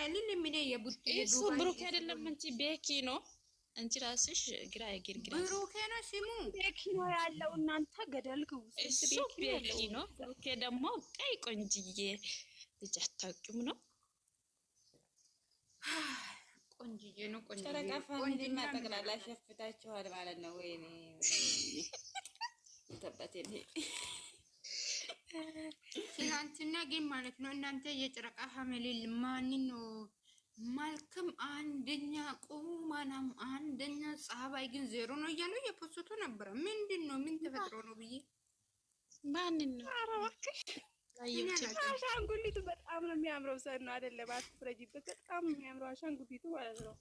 አይልም። እኔ የቡድ እሱ ብሩኬ አይደለም እንጂ ቤኪ ነው። አንቺ ራስሽ ግራ ግርግራ ብሩኬ ነው ስሙ ቤኪ ነው ያለው። እናንተ ገደል ግቡ። እሱ ቤኪ ነው። ብሩኬ ደግሞ ቀይ ቆንጅዬ ልጅ አታውቂም ነው ቆንጅዬ ነው። ቆንጅዬ ቆንጅና ጠቅላላ ሸፍታችኋል ማለት ነው። ወይኔ ተበቴ ትናንትና ግን ማለት ነው እናንተ የጨረቃ ሀመሌል ማን ነው? መልክም አንደኛ፣ ቁመናም አንደኛ፣ ጸባይ ግን ዜሮ ነው እያሉ የፖስቱ ነበረ። ምንድን ነው? ምን ተፈጥሮ ነው ብዬ ማንን ነው አሻንጉሊቱ በጣም ነው የሚያምረው። ሰው ነው አይደለም፣ አትፍረጂበት። በጣም የሚያምረው አሻንጉሊቱ ማለት ነው።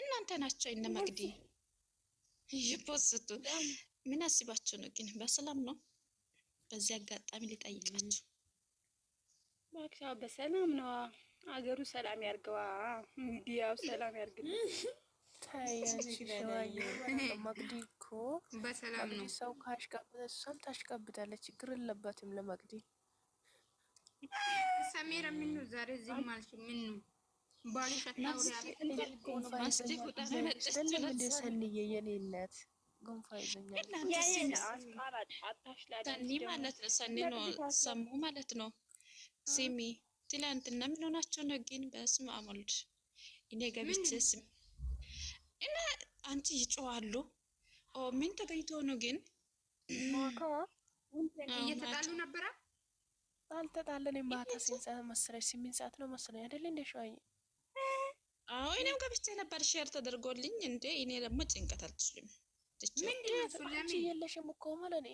እናንተ ናቸው እነ መግዲ እየፖስቱ ምን አስባችሁ ነው? ግን በሰላም ነው። በዚህ አጋጣሚ ሊጠይቃችሁ ባክሻ በሰላም ነው። አገሩ ሰላም ያርገዋ፣ ሚዲያው ሰላም ያርግል። መቅዲ እኮ በሰላም ነው። ሰው እሷም ታሽቀብጣለች። ችግር የለባትም ሰሜራ ምን ነው ዛሬ ምን ነው ሰንዬ የኔነት ጎንፋ ማለት ነው። ሰኒ ነው ሰሙ ማለት ነው። ሲሚ ትላንትና ምን ሆናቸው ነው ግን? በስመ አብ ወልድ እኔ ገብቼ ስም እና አንቺ ይጮዋሉ። ምን ተገኝቶ ነው ግን? እየተጣሉ ነበረ። አልተጣለን። ማታ ስንት ሰዓት መሰለሽ? ስምንት ሰዓት ነው መሰለኝ አይደል? እንደ ሸዋዬ አዎ እኔም ገብቼ ነበር ሼር ተደርጎልኝ። እንዴ እኔ ደግሞ ጭንቀት አልችልም። ምንድነው የለሽም እኮ ማለት ነው።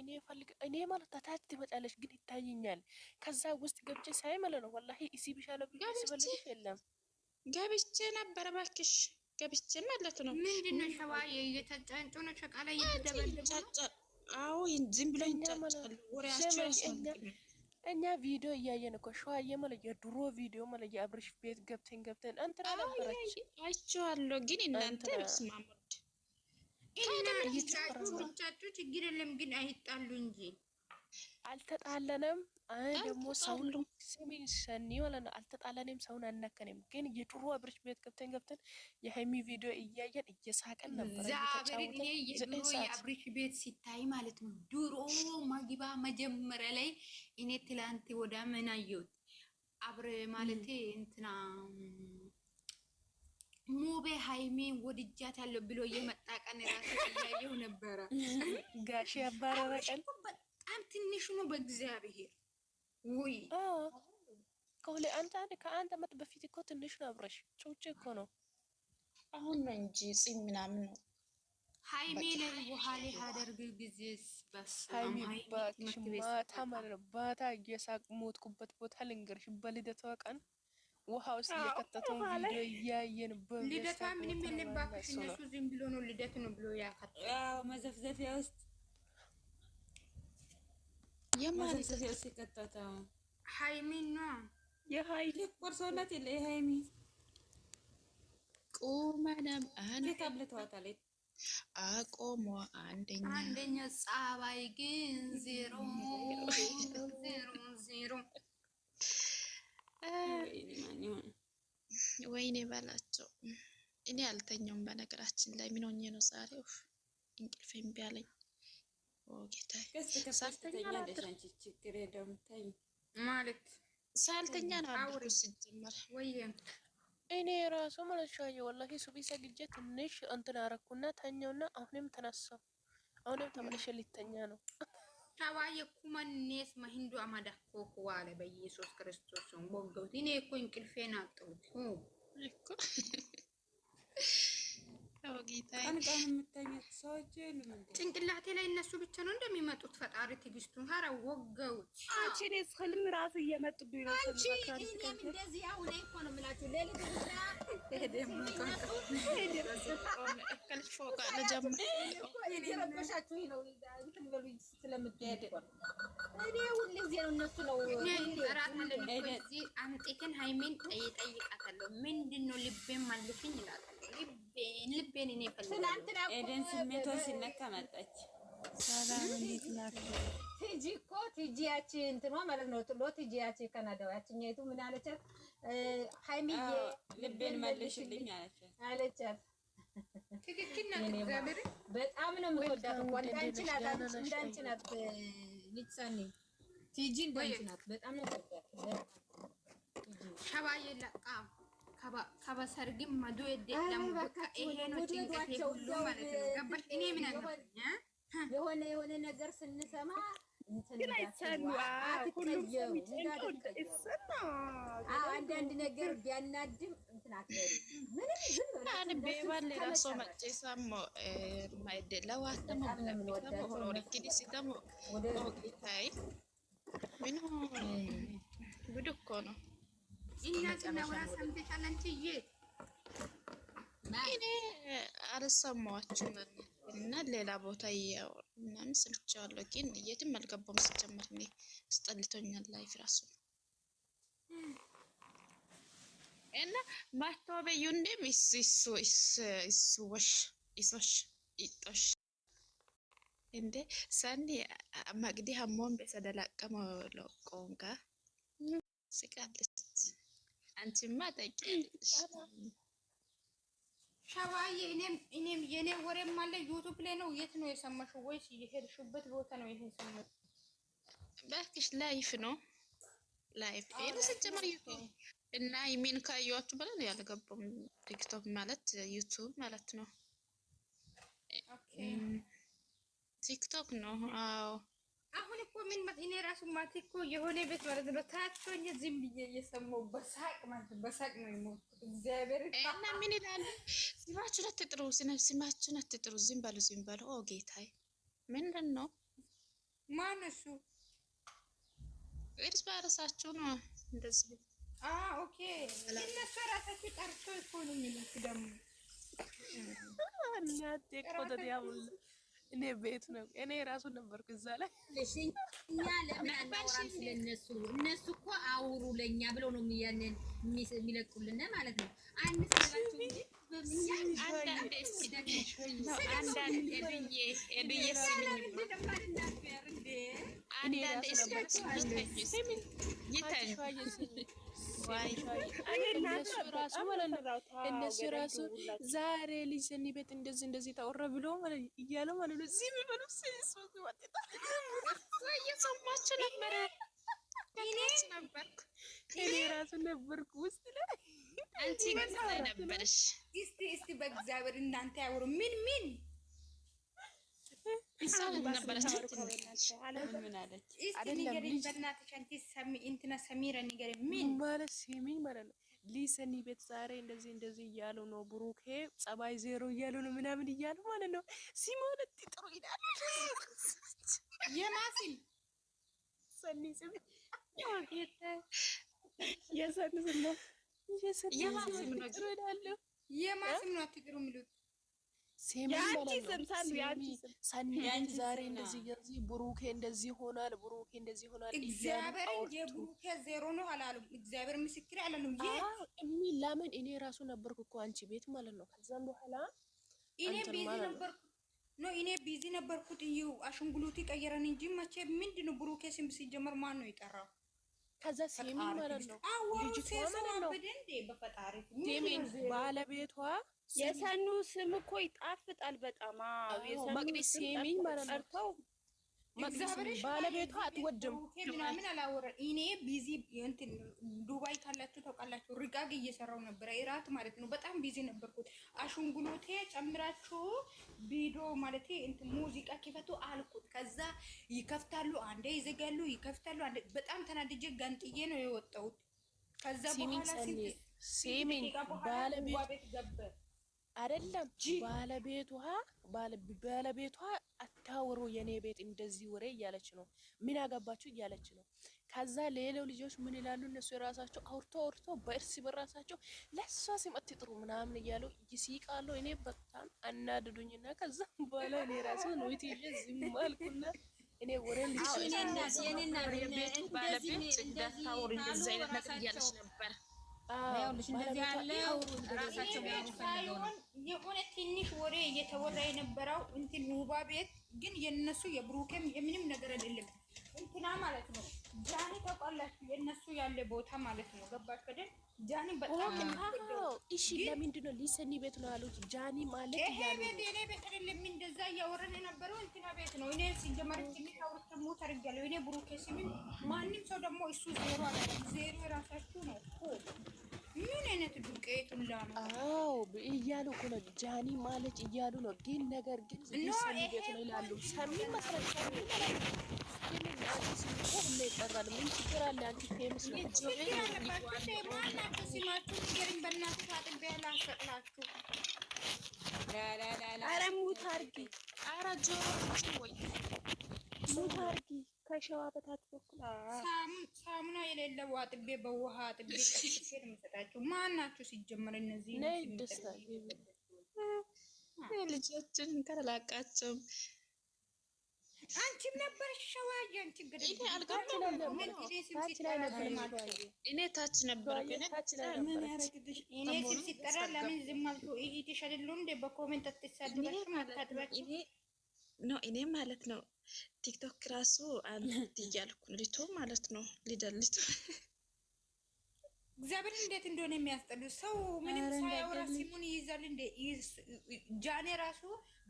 እኔ ማለት ታታች ትመጣለች ግን ይታየኛል። ከዛ ውስጥ ገብቼ ሳይ ማለት ነው ወላሂ እሲ ቢሻለው ብስበልሽ የለም ገብቼ ነበር። እባክሽ ገብቼ ማለት ነው። ምንድነው ሸባ እየተጫንጩ ነው ሸቃላ እየተደበደቡ አዎ ዝም ብሎ ይንጫጫል ወሬያቸው ያስፈልግ እኛ ቪዲዮ እያየን እኮ ሸዋዬ ማለት የድሮ ቪዲዮ ማለት የአብርሽ ቤት ገብተን ገብተን እንትና ነበረች አይቼዋለሁ። ግን እናንተ ስማሙድ ቻችሁ ቻችሁ ችግር የለም ግን አይጣሉ እንጂ አልተጣለንም። ደግሞ ሰውም ስሚን ሰኒ ማለት ነው። አልተጣለንም፣ ሰውን አናከንም። ግን የድሮ አብርሽ ቤት ገብተን ገብተን የሀይሚ ቪዲዮ እያየን እየሳቀን ነበር። የድሮ የአብርሽ ቤት ሲታይ ማለት ነው። ድሮ ማግባ መጀመሪያ ላይ እኔ ትላንት ወደ ምን አየሁት ማለት እንትና ሙቤ ሀይሚ ወድጃት ያለው ብሎ እየመጣ ቀን ራሱ እያየው ነበረ ጋሽ ያባረረ ቀን በጣም ትንሽ ነው በእግዚአብሔር ውይ ከሁሌ አንተ ከአንድ አመት በፊት እኮ ትንሽ ነው። አብረሽ ጭውጭ እኮ ነው። አሁን ነው እንጂ ፂም ምናምን ነው። ሃይሜ ለበኋላ አደርግ ጊዜ ማታ ማታ እየሳቅ ሞትኩበት ቦታ ልንገርሽ። በልደቷ ቀን ውሃ ውስጥ እየከተተው ቪዲዮ እያየን በልደቷ ምንም የለም። እባክሽ እነሱ ዝም ብሎ ነው ልደት ነው ብሎ ያከተተው መዘፍዘፊያ ውስጥ ቁመነም አቆሞ አንደኛ አንደኛ ጸባይ ግን ዜሮ ዜሮ ወይኔ በላቸው። እኔ አልተኛውም። በነገራችን ላይ ምን ሆኜ ነው ዛሬ እንቅልፍ እምቢ አለኝ። እኔ ራሱ ማለት ሻዬ ወላሂ ሱቢ ሰግጄ ትንሽ እንትን አረኩና ተኛውና አሁንም ተነሳው አሁንም ተመልሼ ሊተኛ ነው። ታባዬ ኩመኔስ መሂንዱ አማዳ ኮኩዋ በኢየሱስ ክርስቶስ ወገውት እኔ እኮ እንቅልፌን አጥሁት ጭንቅላቴ ላይ እነሱ ብቻ ነው እንደሚመጡት። ፈጣሪ ትግስቱን ኧረ ወገውች። አንቺ እኔስ ህልም ራሱ እየመጡብኝ ነው። እራትን አምጤትን ሀይሜን ጠይቃታለሁ። ምንድን ነው ልቤን ማልፍኝ ይላል ልቤን እኔ ኤደን ስሜቶ ሲነካ መጣች። ሰላም እንዴት ናችሁ? ትጂ እኮ ትጂ ያቺ እንትኗ ማለት ነው ጥሎ ትጂ ያቺ ካናዳው ያቺን የቱ ምን አለቻት? ሀይሚዬ ልቤን መልሽልኝ አለቻት አለቻት። ትክክል ነው። እግዚአብሔር በጣም ነው የምትወዳት እኮ እንዳንቺ ናት፣ እንዳንቺ ናት። ልትሳኒ ትጂ እንዳንቺ ናት። በጣም ነው የምትወዳት ሸባዬ ለቃም ከበሰርግም መዱ የለም። ይሄ ነው ማለት ነው። እኔ ምን የሆነ የሆነ ነገር ስንሰማ አንዳንድ ነገር ቢያናድም ጉድ እኮ ነው። እኔ እና ሌላ ቦታ ምናምን ስልቻለሁ፣ ግን የትም አልገባም። ስጀምር እኔ አስጠልቶኛል ላይፍ ራሱ እና ማስተዋበዩንም ይሶሽ ይጦሽ እንዴ ሰኒ መቅዲ ሀሞን ቤሰደላቀመ ሎቆንጋ ስቃለች። አንቺማ ጠቂያለሽ ሸባዬ። እኔም እኔም የኔ ወሬም አለ ዩቱብ ላይ ነው። የት ነው የሰማሽው? ወይስ የሄድሽበት ቦታ ነው ይሄን ሰማሽ? በክሽ ላይፍ ነው ላይፍ የተሰጀመር ዩቱብ እና የሚን ካያችሁ በላይ ነው ያልገባም። ቲክቶክ ማለት ዩቱብ ማለት ነው። ቲክቶክ ነው። አዎ አሁን እኮ ምን እኔ ራሱ ማቲ እኮ የሆነ ቤት ማለት ነው ታቶኝ ዝም ብዬ እየሰማሁ በሳቅ ማለት በሳቅ ነው የሞት እግዚአብሔር እና ምን ይላል? ስማችሁን አትጥሩ፣ ስማችሁን አትጥሩ፣ ዝም በሉ፣ ዝም በሉ። ኦ ጌታዬ፣ ምንድን ነው ማን እሱ? እርስ በርሳችሁ ነው እንደዚህ። አ ኦኬ። እነሱ ራሳችሁ ጠርቶ እኮ ነው የሚሉት ደግሞ እናቴ ቆጠጥ ያቡላ እኔ ቤት ነው እኔ ራሱ ነበርኩ እዛ ላይ። እሺ እኛ ለምን አናወራም ስለነሱ? እነሱ እኮ አውሩ ለኛ ብለው ነው ያንን የሚለቁልን ማለት ነው። አንድ እነሱ ራሱ ዛሬ ልጅ ሰኒ ቤት እንደዚህ እንደዚህ ታወራ ብሎ እያለ ማለት ነው። እዚህ የሚበሉ እየሰማች ነበረ። እኔ ራሱ ነበርኩ ውስጥ ላይ አንቺ ነበርሽ። እስቲ እስቲ በእግዚአብሔር እናንተ ያወሩ ምን ምን ሊሰኒ ቤት ዛሬ እንደዚህ እንደዚህ እያሉ ነው። ብሩኬ ጸባይ ዜሮ እያሉ ነው ምናምን እያሉ ማለት ነው። ሲሞለት ጥሩ ይላል የማሲል ሰኒ ስም የሰኒ ስም ነው የማሲል ነው። አትግሩ ምሉት ሰሚሰኒ ዛሬ እንደዚህ እንደዚህ ብሩኬ እንደዚህ ይሆናል፣ ብሩኬ እንደዚህ ይሆናል። እግዚአብሔር የብሩኬ ዜሮ ነው አላሉም። እግዚአብሔር ምስክር አላሉም። የሚል ለምን እኔ ራሱ ነበርኩ እኮ አንቺ ቤት ማለት ነው። ከዛም በኋላ እኔ ቢዚ ነበርኩ ነው እኔ ቢዚ ነበርኩት። አሽንጉሉቲ ቀየረን እንጂ መቼ ምንድን ነው ብሩኬ ስም ሲጀመር ማን ነው የጠራው? ከዛ ሴሚ ማለት ነው ባለቤቷ የሰኑ ስም እኮ ይጣፍጣል በጣም የሰኑ ስም ማለት ባለቤቷ አትወድም ምናምን አላወራም። እኔ ቢዚ እንትን ዱባይ ካላችሁ ታውቃላችሁ፣ ሪጋግ እየሰራው ነበረ እራት ማለት ነው። በጣም ቢዚ ነበርኩት። አሽንጉሎቴ ጨምራችሁ ቪዲዮ ማለት እንትን ሙዚቃ ክፈቱ አልኩት። ከዛ ይከፍታሉ፣ አንዴ ይዘጋሉ፣ ይከፍታሉ። በጣም ተናድጄ ጋንጥዬ ነው የወጣሁት። ከዛ በኋላ ሲሚን ባለቤት አይደለም ባለቤቷ ባለቤቷ አታውሩ የኔ ቤት እንደዚህ ወሬ እያለች ነው። ምን አገባችሁ እያለች ነው። ከዛ ሌላው ልጆች ምን ይላሉ? እነሱ የራሳቸው አውርቶ አውርቶ በእርስ በራሳቸው ለሷ ስም ጥሩ ምናምን እያሉ ይስቃሉ። እኔ በጣም አናድዱኝና ከዛ በኋላ እኔ ራሱ ነው ይትይዤ ዝም አልኩና እኔ ወሬ ባለቤት እንዳታውሩ እንደዚህ አይነት ነገር እያለች ነበር። ራሳቸው የሆነ ትንሽ ወሬ እየተወራ የነበረው እንትን ውባ ቤት ግን የነሱ የብሩኬም የምንም ነገር አይደለም። እንትና ማለት ነው ጃኒ ተቆላችሁ የነሱ ያለ ቦታ ማለት ነው። ገባሽ ከደል ጃኒ በጣም እሺ። ለምንድን ነው ሊሰኒ ቤት ነው ያሉት? ጃኒ ማለት ይሄ ቤት የኔ ቤት አይደለም። እንደዛ እያወረን የነበረው እንትና ቤት ነው። እኔ ሲጀመር ትንሽ አውርቼ ሞት አድርጊያለሁ። እኔ ብሩኬ ሲምን ማንም ሰው ደግሞ እሱ ዜሮ አለ ዜሮ የራሳችሁ ነው ምን አይነት ዱቄት ነው? እያሉ እኮ ነው ጃኒ ማለች እያሉ ነው። ግን ነገር ግን ሰሚ ቤት ነው ይጠራል። ምን ችግር አለ? ከሸዋ በታች በኩል ሳሙና የሌለው አጥቤ በውሃ አጥቤ ቀስቼ ነው የምሰጣቸው። ማን ናቸው ሲጀመር? እነዚህ ልጆችን ተላቃቸው። አንቺም ነበር ሸዋ። አንቺ እኔ ታች ነበር። እኔ ሲጠራ ለምን ዝም አልኩ? ይሄ ተሻለ እንደ በኮሜንት አትሳደባችሁም፣ አታጥባችሁም ነው እኔ ማለት ነው ቲክቶክ ራሱ አንድ እያልኩ ልቶ ማለት ነው ሊደልቱ እግዚአብሔር እንዴት እንደሆነ የሚያስጠሉ ሰው ምንም ሳያወራ ሲሙን ይይዛል። እንደ ጃኔ ራሱ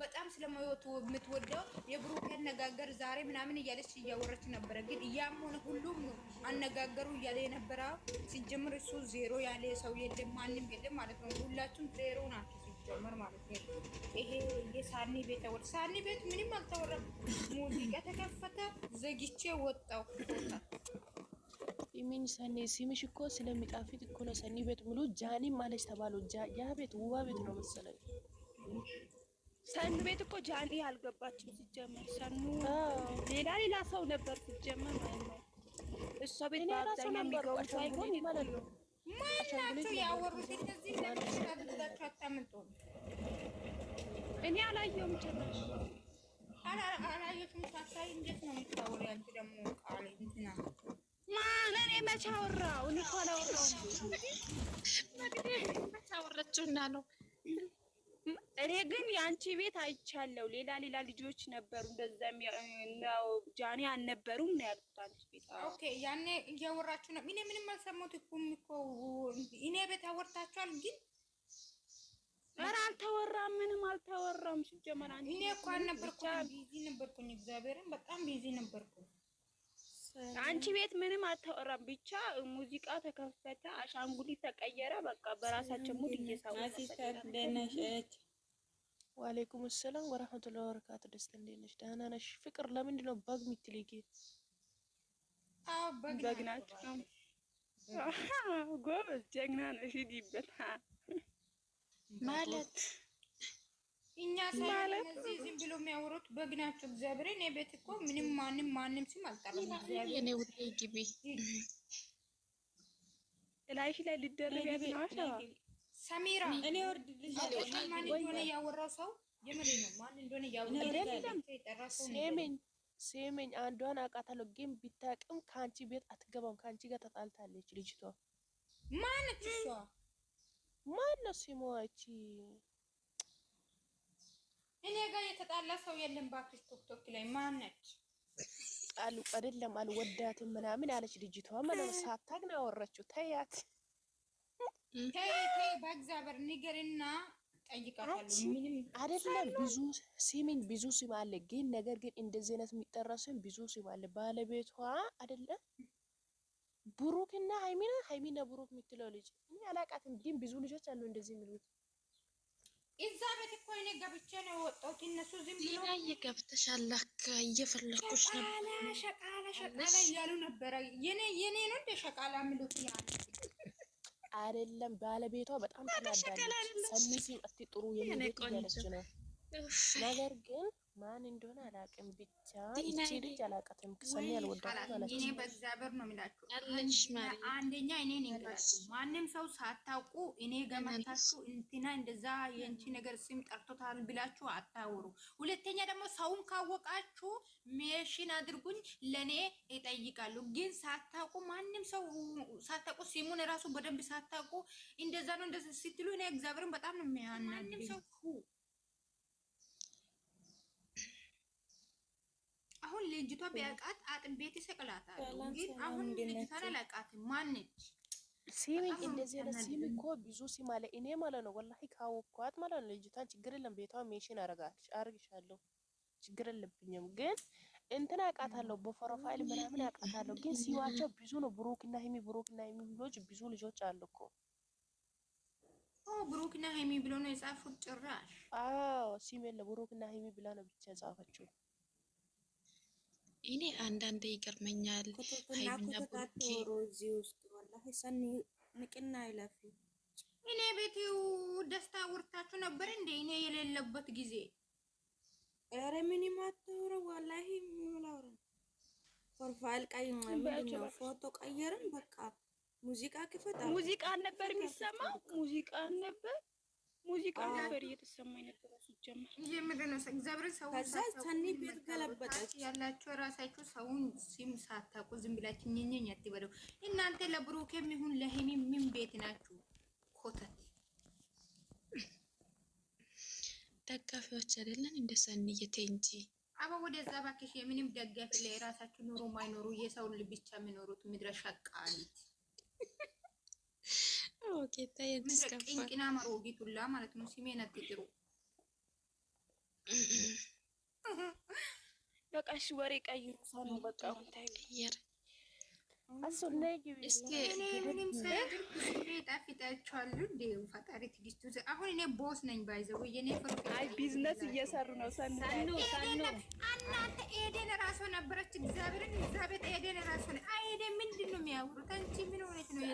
በጣም ስለማይወቱ የምትወደው የብሩክ አነጋገር ዛሬ ምናምን እያለች እያወረች ነበረ። ግን እያም ሆነ ሁሉም አነጋገሩ እያለ የነበረ ሲጀምር እሱ ዜሮ ያለ ሰው የለም፣ ማንም የለም ማለት ነው። ሁላችሁም ዜሮ ናቸው። ሲጀመር ማለት ነው። ይሄ የሳኒ ቤት ወደ ሳኒ ቤት ምንም አልተወራም። ሙዚቃ ተከፈተ፣ ዘግቼ ወጣው። ይሚን ሰኔ ሲምሽ እኮ ስለሚጣፍጥ እኮ ነው። ሰኒ ቤት ሙሉ ጃኒ ማለች ተባሉ። ያ ቤት ውባ ቤት ነው መሰለኝ። ሰኑ ቤት እኮ ጃኒ አልገባችም ሲጀመር። ሰኑ ሌላ ሌላ ሰው ነበር ሲጀመር ማለት ነው። እሷ ቤት ባዛኛ የሚገቡት አይሆን ይባላሉ። ማናቸው ያወሩት እነዚህ ለምሽታ አታምልጦ። እኔ አላየሁም ጭራሽ እኔ ግን የአንቺ ቤት አይቻለሁ። ሌላ ሌላ ልጆች ነበሩ እንደዛ ነው። ጃኒ አልነበሩም ነው ያልኩት። አንቺ ቤት ኦኬ፣ ያኔ እያወራችሁ ነው። እኔ ምንም አልሰማሁትም እኮ እኔ ቤት አወርታችኋል ግን ኧረ አልተወራም፣ ምንም አልተወራም። ሲጀመር እኔ እኮ አልነበርኩም፣ ቢዚ ነበርኩኝ። እግዚአብሔርን በጣም ቢዚ ነበርኩኝ። አንቺ ቤት ምንም አልተወራም። ብቻ ሙዚቃ ተከፈተ፣ አሻንጉሊት ተቀየረ። በቃ በራሳቸው ሙድ እየሳወቁ ዋሌይኩም ሰላም ወራህመቱላ ወበረካቱ። ደስታ እንዴት ነሽ? ደህና ነሽ? ፍቅር ለምንድን ነው በግ የምትልጊ? በግ ናቸው። ጎበዝ ጀግና ነሽ። ሂድበት ማለት እኛ ሳይለዚህ ዝም ብሎ የሚያወሩት በግ ናቸው። እግዚአብሔር እኔ ቤት እኮ ምንም ማንም ማንም ስም አልጠራም። እኔ ውጤ ግቢ ላይሽ ላይ ሊደረግ ሰሚራ እኔ ወርድ ልጅ ማን እንደሆነ ያወራው ሰው የምሬ ነው። ማን እንደሆነ ያወራው ሰው ሴሜኝ ሴሜኝ አንዷን አውቃታለሁ፣ ግን ቢታቅም ከአንቺ ቤት አትገባም። ከአንቺ ጋር ተጣልታለች ልጅቷ ማነች እሷ? ማነው ሲሞቺ እኔ ጋር የተጣላ ሰው የለም። ባክሽ ቶክቶክ ላይ ማን ማነች አሉ አይደለም አልወዳትም ምናምን አለች ልጅቷ ማለት ሳታግ ነው ያወራችው። ተያት ተይ ተይ፣ በእግዚአብሔር ንገርና ጠይቃታለሁ። ምንም አይደለም። ብዙ ሲሚን ብዙ ሲም አለ፣ ግን ነገር ግን እንደዚህ አይነት የሚጠራ ስም ብዙ ሲም አለ። ባለቤቷ አይደለም እና ሀይሚና ሀይሚና ብሩክ የምትለው ልጅ እኔ አላቃትም፣ ግን ብዙ ልጆች አሉ እንደዚህ የሚሉት። እዛ ቤት እኮ እኔ ገብቼ ነው የወጣሁት። እነሱ ዝም ብሎ ሊናየ ገብተሻል፣ ለካ እየፈለኩሽ ነበር፣ ሸቃላ ሸቃላ እያሉ ነበረ። የኔ የኔ ነው እንደ ሸቃላ ምሉት ያለ አይደለም። ባለቤቷ በጣም ተናዳለች። ሰሚሲን እስቲ ጥሩ የሚሉት ያለች ነው ነገር ግን ማን እንደሆነ አላውቅም። ብቻ እቺ ልጅ አላውቃትም፣ ሰሚ አልወዳትም ማለት ነው። በእግዚአብሔር ነው የሚላችሁ። አንደኛ እኔ ማንም ሰው ሳታውቁ እኔ ገመታችሁ እንትና እንደዛ የንቺ ነገር ስም ጠርቶታል ብላችሁ አታወሩ። ሁለተኛ ደግሞ ሰውን ካወቃችሁ ሜሽን አድርጉኝ ለእኔ ይጠይቃሉ። ግን ሳታውቁ ማንም ሰው ሳታውቁ ሲሙን ራሱ በደንብ ሳታውቁ እንደዛ ነው እንደዛ ስትሉ እኔ እግዚአብሔርን በጣም ነው የሚያናድድ ሰው አሁን ልጅቷ ቢያውቃት አጥን ቤት ይሰቅላታል። ግን አሁን ልጅቷን አላውቃትም ማነች? ሲሚ እንደዚህ አይነት ሲሚ እኮ ብዙ ሲም አለ። እኔ ማለት ነው ወላሂ ካወኳት ማለት ነው ልጅቷን ችግር የለም ቤቷ ሜሽን አርግሻለሁ ችግር የለብኝም። ግን እንትን አውቃታለሁ በፕሮፋይል ምናምን አውቃታለሁ። ግን ሲዋቸው ብዙ ነው። እና ሄሚ ሀይሚ እና ሄሚ ልጆች ብዙ ልጆች አሉ እኮ ብሩክና ሀይሚ ብሎ ነው የጻፉት ጭራሽ። አዎ ሲም የለ ብሩክና ሀይሚ ብላ ነው ብቻ የጻፈችው። እኔ አንዳንዴ ይገርመኛል። ንቅና ብሩኬ እኔ ቤት ደስታ ውርታችሁ ነበር እንደ እኔ የሌለበት ጊዜ ኧረ ምንም ወላሂ ፕሮፋይል ፎቶ ቀየርን። በቃ ሙዚቃ ክፈት። ሙዚቃ ነበር የሚሰማው ሙዚቃ ነበር ሙዚቃ ነበር እየተሰማኝ ነበር። ሲጀመር ከዛ ሰኒ ቤት ገለበጠች ያላችሁ የራሳችሁ ሰውን ሲም ሳታውቁ ዝም ብላችሁ ኝኝኝ አትበሉ። እናንተ ለብሩኬም ይሁን ለሂሚ ምን ቤት ናችሁ? ኮተት ደጋፊዎች አይደለን እንደ ሰኒየቴ እንጂ አባ ወደዛ ባክሽ። የምንም ደጋፊ ለራሳችሁ ኑሮ ማይኖሩ የሰው ልብ ብቻ የሚኖሩት ምድረ ሸቃሊት ቅንቅና መሮጊቱላ ማለት ነው። ሲሜን አትጥሩ። በቃ እሺ፣ ወሬ ቀይሩ። ሳኑ በቃ ሁን ታይቀየር ምንም ሳያደርግ አሁን ቦስ ነኝ ባይዘው የኔ ቢዝነስ እየሰሩ ነው። ሰኑ እናንተ ኤደን ራሷ ነበረች። እግዚአብሔርን እግዚአብሔር ኤደን ራሷ ነ ኤደን ምንድን ነው የሚያወሩት? አንቺ ምን ሆነች ነው?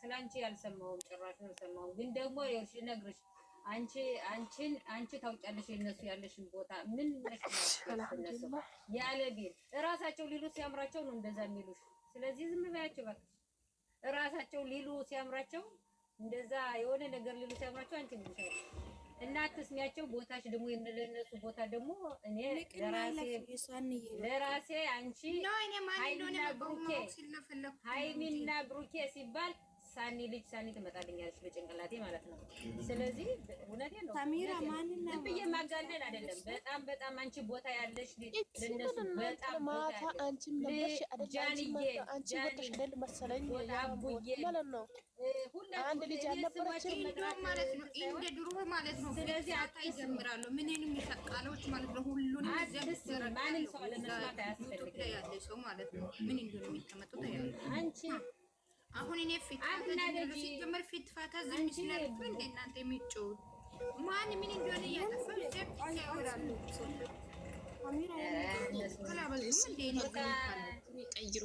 ስለ አንቺ ያልሰማሁም ጭራሽ ነው ሰማሁ። ግን ደግሞ ይኸውልሽ አንቺ አንቺን አንቺ ታውቂያለሽ የነሱ ያለሽን ቦታ ምን ነሽ? ያለ ቢል እራሳቸው ሊሉ ሲያምራቸው ነው እንደዛ የሚሉሽ። ስለዚህ ዝም ባያቸው እባክሽ። እራሳቸው ሊሉ ሲያምራቸው እንደዛ የሆነ ነገር ሊሉ ሲያምራቸው አንቺ ልሻል እና አትስሚያቸው። ቦታሽ ደግሞ የምለነሱ ቦታ ደግሞ እኔ ለራሴ አንቺ ሀይሚና ብሩኬ ሲባል ሳኒ ልጅ ሳኒ ትመጣልኛለች በጭንቅላቴ ማለት ነው። ስለዚህ እውነቴን ነው ሳሚራ ማንን ብዬ ማጋነን አይደለም። በጣም በጣም አንቺ ቦታ ያለሽ ለነሱ በጣም ቦታ አንቺ ለበሽ አይደለም። አንቺ ወጥሽ ደል መሰለኝ ማለት ነው። አንድ ልጅ ያለበረች ማለት ነው። እንደ ድሮ ማለት ነው። ስለዚህ አጣ ይዘምራሉ። ምንንም ይሰቃሎች ማለት ነው። ሁሉንም ይዘምራሉ። ማንም ሰው ለመስማት አያስፈልግም ማለት ነው። ምን እንደሆነ የሚቀመጡት ያለው አንቺ አሁን እኔ ፊት ሲጀምር ፊት ፋታ ዝም ይችላል። እንደ እናንተ የሚጮው ማን ምን እንደሆነ እያጠፋ ያወራሉ።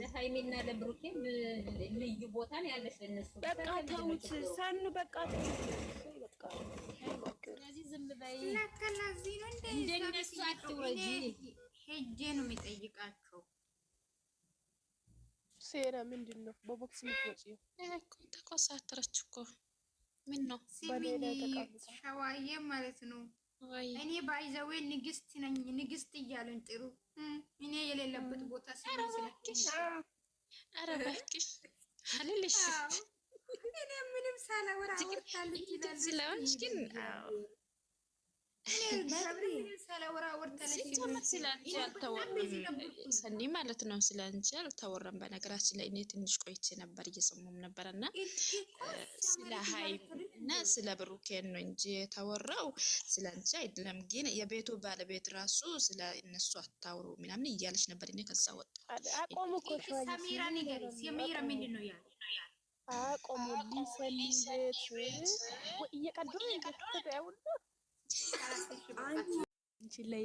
ለሀይሜና ለብሩኬ ልዩ ቦታ ነው ያለሽ። በቃ ተውት፣ ሰኑ በቃ እንደነሱ ሄጄ ነው የሚጠይቃቸው ሄደ። ምንድን ነው በቦክስ ምትወጪ? ተኮሳተረች እኮ ምን ነው ሸዋዬ ማለት ነው። እኔ ባይዘዌ ንግስት ነኝ። ንግስት እያሉኝ ጥሩ እኔ የሌለበት ቦታ ስለስለሽ ኧረ እባክሽ አልልሽ። እኔ ምንም ሳላወራ አወርታለች ስለሆንሽ ግን ሰኒ ማለት ነው። ስለ አንቺ አልተወራም። በነገራችን ላይ እኔ ትንሽ ቆይቼ ነበር እየሰሙም ነበረ እና ስለ ሀይሚ እና ስለ ብሩኬን ነው እንጂ የተወራው ስለ አንቺ አይደለም። ግን የቤቱ ባለቤት ራሱ ስለ እነሱ አታውሩ ምናምን እያለች ነበር። እኔ ከዛ ወጣ አቆሙ እኮ ሰሚራ ነገር አንቺ ላይ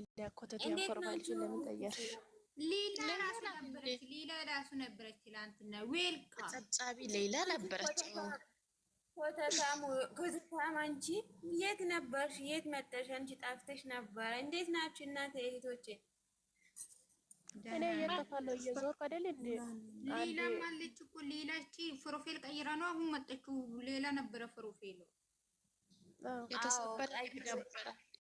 ለምን ሌላ ራሱ ነበረች። ትላንትና ዌልካ ጸብጻቢ ሌላ ነበረች። ኮተታም አንቺ የት ነበርሽ? የት መጠሽ? አንቺ ነበረ። እንዴት ናችሁ እህቶቼ? እኔ እየጠፋለሁ እየዞርኩ አይደል እንዴ? እኮ ሌላ ፕሮፌል ቀይረ ነው አሁን መጠችው። ሌላ ነበረ ፕሮፌሉ የተሰበረ አይገባም